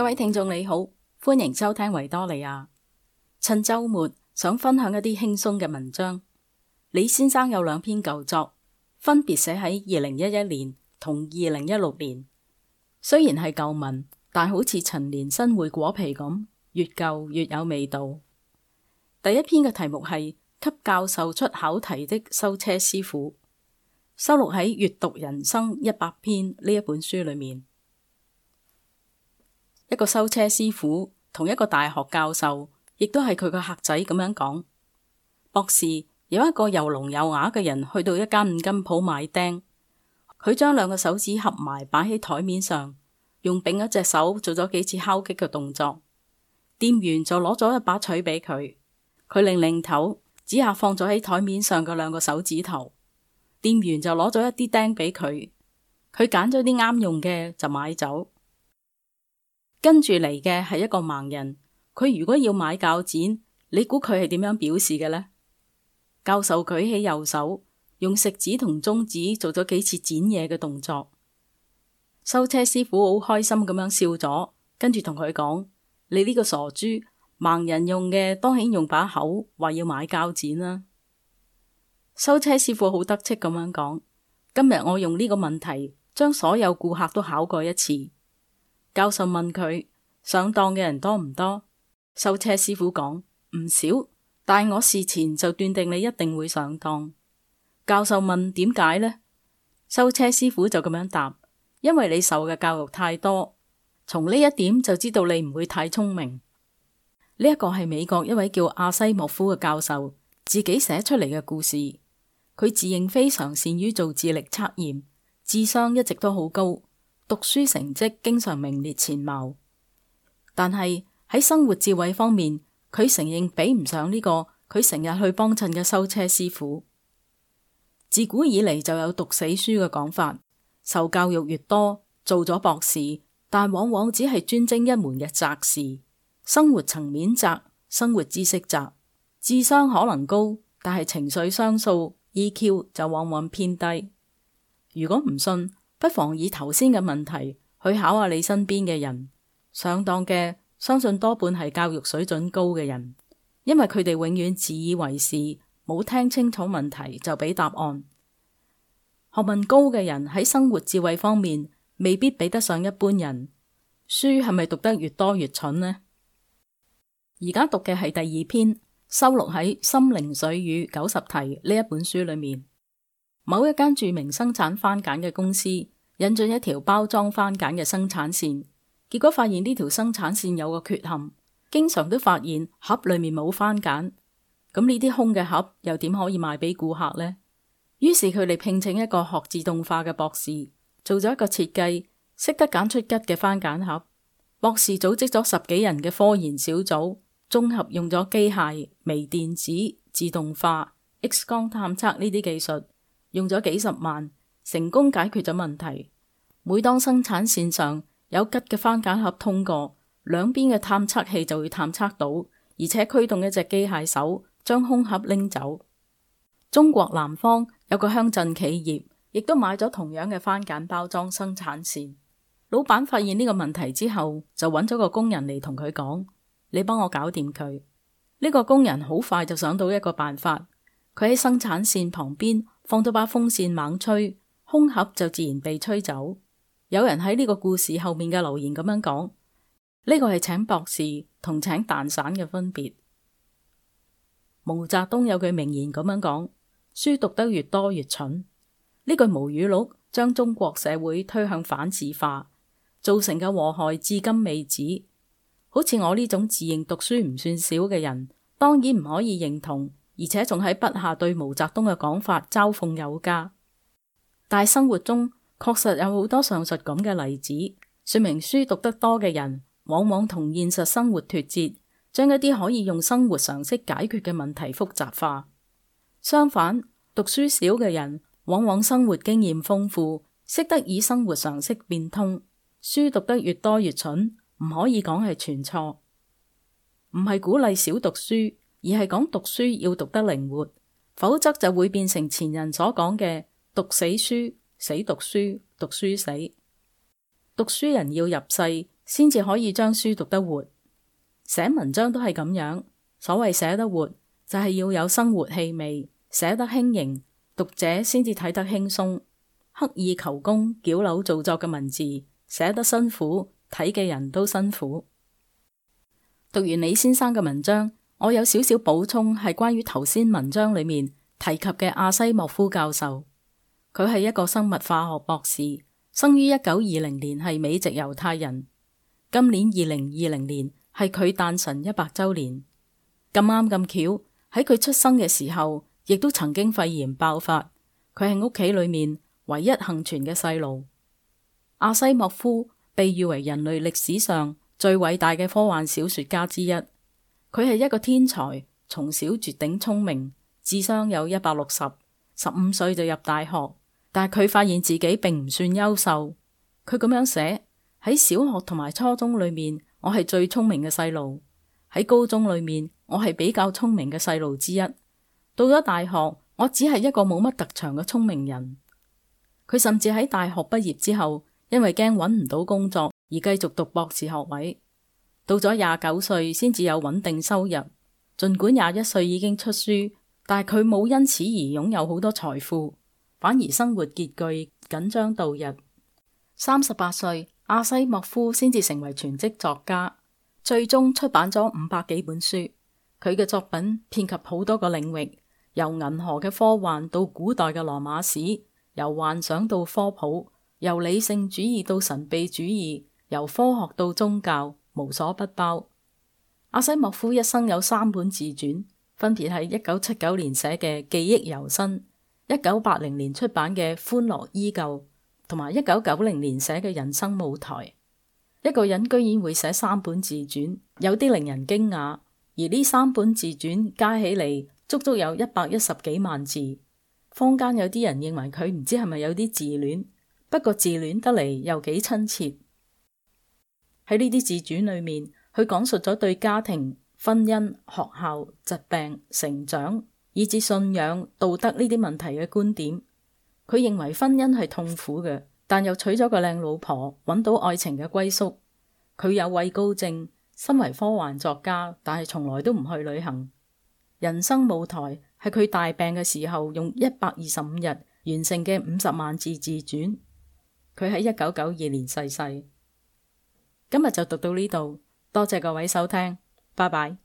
各位聽眾你好，歡迎收聽維多利亞。趁週末想分享一啲輕鬆嘅文章。李先生有兩篇舊作，分別寫喺二零一一年同二零一六年。雖然係舊文，但好似陳年新會果皮咁，越舊越有味道。第一篇嘅題目係《給教授出考題的修車師傅》，收錄喺《閱讀人生一百篇》呢一本書裏面。一個修車師傅同一個大學教授，亦都係佢嘅客仔咁樣講。博士，有一個又聾又啞嘅人，去到一間五金鋪買釘，佢將兩個手指合埋擺喺台面上，用另一隻手做咗幾次敲擊嘅動作。店員就攞咗一把鎚俾佢，佢擰擰頭指下放咗喺台面上嘅兩個手指頭。店員就攞咗一啲釘俾佢，佢揀咗啲啱用嘅就買走。跟住嚟嘅係一個盲人，佢如果要買鉸剪，你估佢係點樣表示嘅呢？教授舉起右手，用食指同中指做咗幾次剪嘢嘅動作。修車師傅好開心咁樣笑咗，跟住同佢講：你呢個傻豬，盲人用嘅，當然用把口，話要買鉸剪啦。修車師傅好得戚咁樣講：今日我用呢個問題，將所有顧客都考過一次。教授問佢上當嘅人多唔多？修車師傅講唔少，但我事前就斷定你一定會上當。教授問點解呢？修車師傅就咁樣答：因為你受嘅教育太多，從呢一點就知道你唔會太聰明。呢一個係美國一位叫阿西莫夫嘅教授自己寫出嚟嘅故事。佢自認非常善於做智力測驗，智商一直都好高。讀書成績經常名列前茅，但係喺生活智慧方面，佢承認比唔上呢個佢成日去幫襯嘅修車師傅。自古以嚟就有讀死書嘅講法，受教育越多，做咗博士，但往往只係專精一門嘅窄事。生活層面窄，生活知識窄，智商可能高，但係情緒商數 EQ 就往往偏低。如果唔信，不妨以頭先嘅問題去考下你身邊嘅人，上當嘅相信多半係教育水準高嘅人，因為佢哋永遠自以為是，冇聽清楚問題就俾答案。學問高嘅人喺生活智慧方面，未必比得上一般人。書係咪讀得越多越蠢呢？而家讀嘅係第二篇，收錄喺《心靈水語九十題》呢一本書裏面。某一間著名生產番鹼嘅公司引進一條包裝番鹼嘅生產線，結果發現呢條生產線有個缺陷，經常都發現盒裏面冇番鹼。咁呢啲空嘅盒又點可以賣俾顧客呢？於是佢哋聘請一個學自動化嘅博士，做咗一個設計，識得揀出吉嘅番鹼盒。博士組織咗十幾人嘅科研小組，綜合用咗機械、微電子、自動化、X 光探測呢啲技術。用咗幾十萬，成功解決咗問題。每當生產線上有吉嘅番梘盒通過，兩邊嘅探測器就會探測到，而且驅動一隻機械手將空盒拎走。中國南方有個鄉鎮企業，亦都買咗同樣嘅番梘包裝生產線。老闆發現呢個問題之後，就揾咗個工人嚟同佢講：「你幫我搞掂佢。」呢個工人好快就想到一個辦法，佢喺生產線旁邊，放咗把風扇猛吹，空盒就自然被吹走。有人喺呢個故事後面嘅留言咁樣講：呢個係請博士同請蛋散嘅分別。毛澤東有句名言咁樣講：書讀得越多越蠢。呢句毛語錄將中國社會推向反智化，造成嘅禍害至今未止。好似我呢種自認讀書唔算少嘅人，當然唔可以認同。而且仲喺筆下對毛澤東嘅講法嘲諷有加，但生活中確實有好多上述咁嘅例子，說明書讀得多嘅人，往往同現實生活脱節，將一啲可以用生活常識解決嘅問題複雜化。相反，讀書少嘅人，往往生活經驗豐富，識得以生活常識變通。書讀得越多越蠢，唔可以講係全錯，唔係鼓勵少讀書。而係講讀書要讀得靈活，否則就會變成前人所講嘅讀死書、死讀書、讀書死。讀書人要入世，先至可以將書讀得活。寫文章都係咁樣，所謂寫得活，就係要有生活氣味，寫得輕盈，讀者先至睇得輕鬆。刻意求工、矯揉造作嘅文字，寫得辛苦，睇嘅人都辛苦。讀完李先生嘅文章。我有少少補充，係關於頭先文章裏面提及嘅阿西莫夫教授。佢係一個生物化學博士，生於一九二零年，係美籍猶太人。今年二零二零年係佢誕辰一百周年。咁啱咁巧，喺佢出生嘅時候，亦都曾經肺炎爆發。佢係屋企裏面唯一幸存嘅細路。阿西莫夫被譽為人類歷史上最偉大嘅科幻小說家之一。佢係一個天才，從小絕頂聰明，智商有一百六十，十五歲就入大學。但係佢發現自己並唔算優秀。佢咁樣寫：喺小學同埋初中裏面，我係最聰明嘅細路；喺高中裏面，我係比較聰明嘅細路之一。到咗大學，我只係一個冇乜特長嘅聰明人。佢甚至喺大學畢業之後，因為驚揾唔到工作，而繼續讀博士學位。到咗廿九歲先至有穩定收入，盡管廿一歲已經出書，但係佢冇因此而擁有好多財富，反而生活拮據，緊張度日。三十八歲，阿西莫夫先至成為全職作家，最終出版咗五百幾本書。佢嘅作品遍及好多個領域，由銀河嘅科幻到古代嘅羅馬史，由幻想到科普，由理性主義到神秘主義，由科學到宗教。無所不包。阿西莫夫一生有三本自傳，分別係一九七九年寫嘅《記憶猶新》，一九八零年出版嘅《歡樂依舊》，同埋一九九零年寫嘅《人生舞台》。一個人居然會寫三本自傳，有啲令人驚訝。而呢三本自傳加起嚟，足足有一百一十幾萬字。坊間有啲人認為佢唔知係咪有啲自戀，不過自戀得嚟又幾親切。喺呢啲自傳裏面，佢講述咗對家庭、婚姻、學校、疾病、成長，以至信仰、道德呢啲問題嘅觀點。佢認為婚姻係痛苦嘅，但又娶咗個靚老婆，揾到愛情嘅歸宿。佢有畏高症，身為科幻作家，但係從來都唔去旅行。人生舞台係佢大病嘅時候，用一百二十五日完成嘅五十萬字自傳。佢喺一九九二年逝世，世。今日就讀到呢度，多謝各位收聽，拜拜。